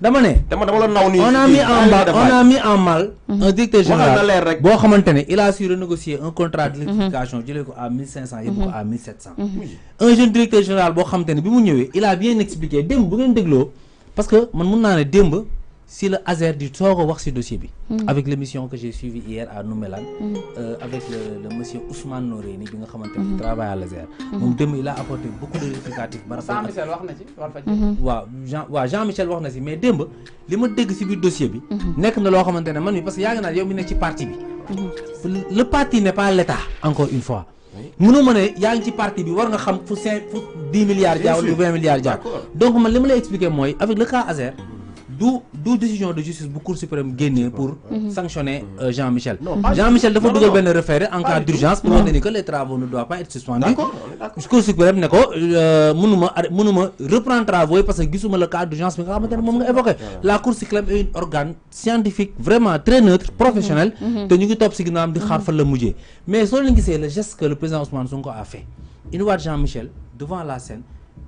damane ne dama la naw on a mis en mal on a mis en mal un directeur général bo xamantene ne il a su renégocier un contrat de mhm. jëlee ko à 1500 cinq ko mhm. à 1700 mhm. un jeune directeur général bo xamantene ne bi mu il a bien expliqué démb bu ngeen dégloo parce que man mën na né démb si le hasard du soog a wax dossier bi. Hmm. avec l'émission que j'ai suivie hier à Noumélan. Hmm. Euh, avec le, monsieur Ousmane Nouré bi nga hmm. travaille à l'ASER. moom il a apporté beaucoup de rectificatifs. Jean-Michel wax na ci Jean michel wax mais Dembe, li ma dégg si dossier bi. nekk na ne man parce que yàgg naa yow mi parti bi. le parti n'est pas l'État encore une fois. mënu ma ne yaa ngi ci parti bi war nga xam fu 10 milliards. bien ou 20 milliards jaaw. donc man li expliquer mooy avec le cas Hazard d'où du décision de justice la Cour suprême gagner pour mhm. sanctionner euh, Jean-Michel Jean-Michel dafa dugal bien référé en cas d'urgence pour dire que les travaux ne doivent pas être suspendus Cour suprême ne ko euh, mënuma travaux parce que le cas d'urgence bi la Cour suprême est un organe scientifique vraiment très neutre professionnel mhm. Mhm. te ñu ngi le top signal di xaar mais ce c'est le geste que le président Ousmane Sonko a fait il voit Jean-Michel devant la scène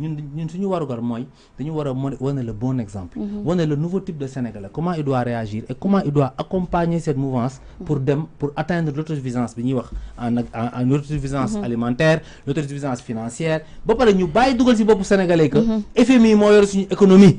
Nous nous voir le bon exemple mhm. le nouveau type de Sénégalais comment il doit réagir et comment il doit accompagner cette mouvance pour atteindre l'autosuffisance mhm. alimentaire l'autosuffisance financière Sénégalais mhm. économie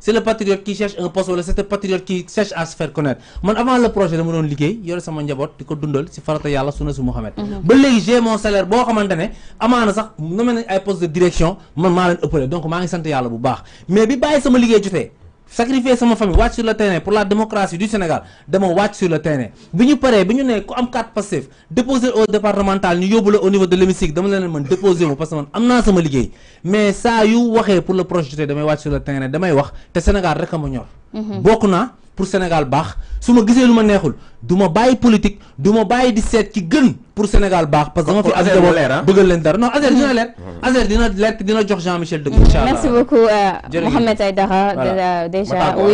c'est le patriote qui cherche un poste wala c'est le patriote qui cherche à se faire connaître Mon avant le projet de mon doon il yore sama njaboot di ko dundal ci farata yalla sunna su Mohammed. Mhm. ba légui j'ai mon salaire bo xamante amana sax no nañ ay poste de direction man maa leen ëppale donc ma ngi sante yalla bu baax mais bi baye sama liggéey jotee sacrifier sama famille watch sur le terrain pour la démocratie du Sénégal dama watch sur le terrain biñu paré biñu né ko am carte Pastef déposer au départemental ñu yobul au niveau de l'hémicycle dama leen man déposer mo parce que man am sama liguey mais ça yu waxé pour le projeté damay watch sur le terrain damay wax té Sénégal rek a ma ñor. Mhm. bokuna pour Sénégal baax su ma gisee lu ma neexul du ma bàyyi politique du ma bàyyi di seet ci gën pour Sénégal baax. parce que dama fi am njaboot bëggal leen dara non Azer dina leer. dina jox Jean Michel dëgg. incha allah merci beaucoup Mouhamed Aïdara. voilà déjà ba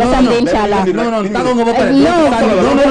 ba samedi incha